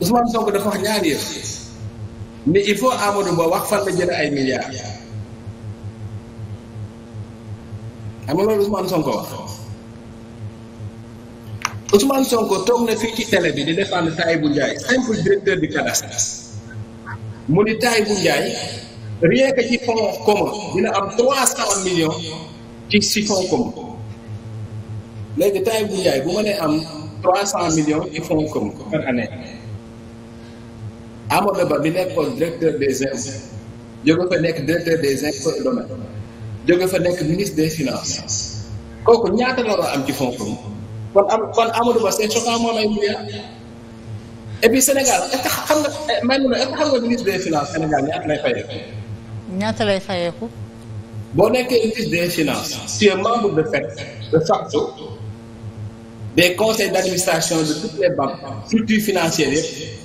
Ousmane Sonko dafa wax ñaari yëf ni il faut Amadou Ba wax fan la jëlee ay milliards xam nga loolu Ousmane Sonko wax Ousmane Sonko toog na fii ci télé bi di défendre Taïbou Ndiaye simple directeur mu ni Taïbou Ndiaye rien que ci fonds commun dina am trois cent millions ci si fonds commun léegi Taïbou Ndiaye bu ma nee am trois cent millions ci fonds commun par Amadou Ba bi nekkoon directeur des impôts jóge fa nekk directeur des impôts et domaines jóge fa nekk ministre des finances kooku ñaata la war am ci fonds commun kon am kon Amadou Ba c'est choquant moom ay milliards et puis Sénégal est xam nga eh, may mun a est-ce que xam nga ministre des finances Sénégal ñaata lay fayeeku. ñaata lay fayeeku. boo nekkee ministre des finances tu es membre de fait de facto des conseils d'administration de toutes les banques structures financières yëpp.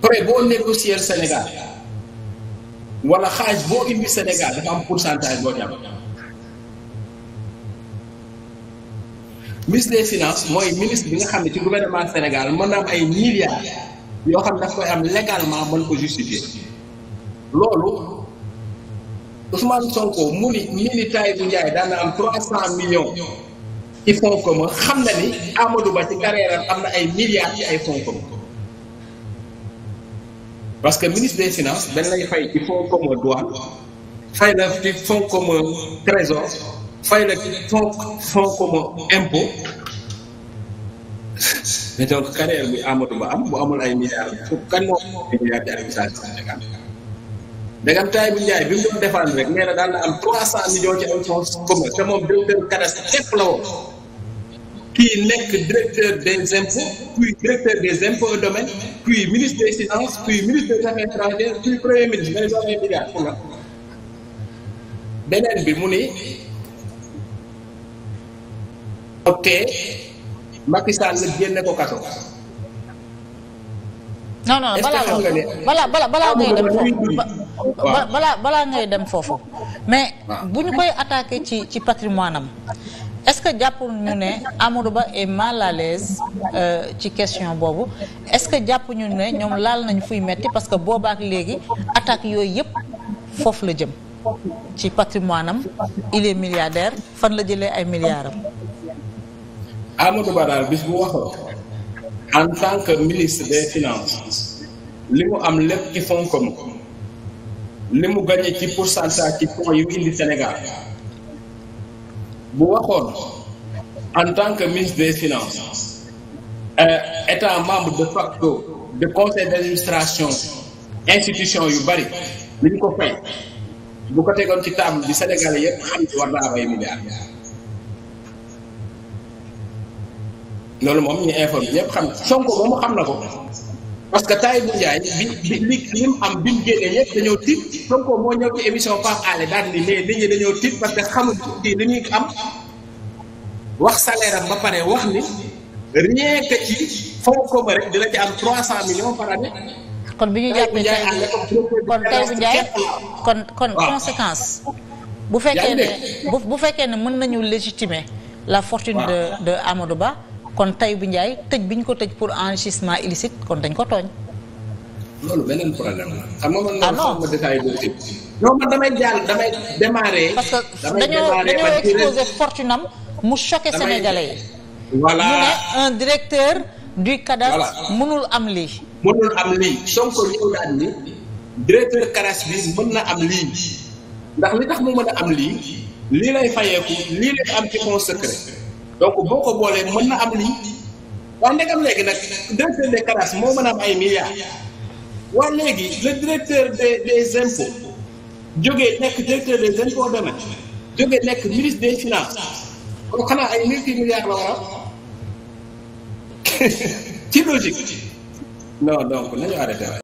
prêt boo négocier Sénégal wala xaaj boo indi Sénégal dafa am pour boo jàpp ministre mooy ministre bi nga xam ne ci gouvernement Sénégal mën naa am ay milliards yoo xam ne daf koy am légalement mën ko justifier loolu Ousmane Sonko mu ni nii ni Taïbu Ndiaye daan am trois cent millions ci fonds commun xam na ni Amadou Ba ci carrière am na ay milliards ci ay fonds commun parce que ministre des finances dañ lay fay ci fonds commun douane fay la ci fonds commun trésor fay la ci fonds fonds commun impôt donc carrière bi Amadou Ba am bu amul ay milliards foofu kan moo am bu Njaay bi mu doon défendre rek nee na daan na am trois cent millions ci ay fonds commun te moom directeur cadastre lépp la woon kii nekk directeur des impôts puis directeur des impôts puis ministre des finances puis ministre des affaires puis premier ministre nga ne beneen bi mu ni ok Macky la génne ko kaso non non balaa balaa balaa ngay dem foofu mais bu ñu koy attaqué ci ci est-ce que jàpp ñu ne Amadou Ba est mal à euh, ci question boobu est-ce que jàpp ñu ne ñoom laal nañu fuy metti parce que boobaak léegi attaque yooyu yëpp foofu la jëm ci patrimoine am il est milliardaire fan la jëlee ay milliards am. Ba daal bis bu waxoo en tant que ministre des finances li mu am lépp ci fonds commun li mu gagné ci pourcentage ci fonds yu indi Sénégal. bu waxoon en tant que ministre des finance euh, étant membre de facto de conseil d'administration institution yu bari li ñu ko fay bu ko tegoon ci table bi Sénégalais yépp xam ne war naa loolu moom ñu informé ñëpp xam Sonko moom xam na ko parce que Tahibou Ndiaye bi bi li mu am bi mu génnee ñëpp dañoo tiit Sonko moo ñëw ci émission Pape Alé daal ni mais nit dañoo tiit parce que xamul kii li ñuy am wax salaire am ba pare wax ni rien que ci fonds commun rek dina ci am 300 millions par année. kon bi ñu jàppee tey kon tey bu Ndiaye kon kon conséquence. bu fekkee ne bu fekkee ne mën nañu légitimer. la fortune de de Ba. kon tey bu njaay tëj bi ñu ko tëj pour enrichissement illicite kon dañ ko tooñ. loolu beneen problème la. xam noonu xam nga ah détail boobu. non man damay jàll damay démarrer. damay démarrer parce fortune am. mu choqué sénégalais yi voilà mu ne un directeur du cadastre mënul am lii mënul am lii Sonko ñëw na directeur cadastre mën na am lii ndax li tax mu mën a am lii lii lay fayeeku lii lay am ci fonds secret donc boo ko boolee mën na am lii waaye ndegam léegi nag directeur de cadastres moo mën a am ay milliards waa léegi le directeur des des impôts jógee nekk directeur des impôts domaine jógee nekk ministre des finances loolu xanaa ay multi milliards la war ci logique non donc nañu arrêté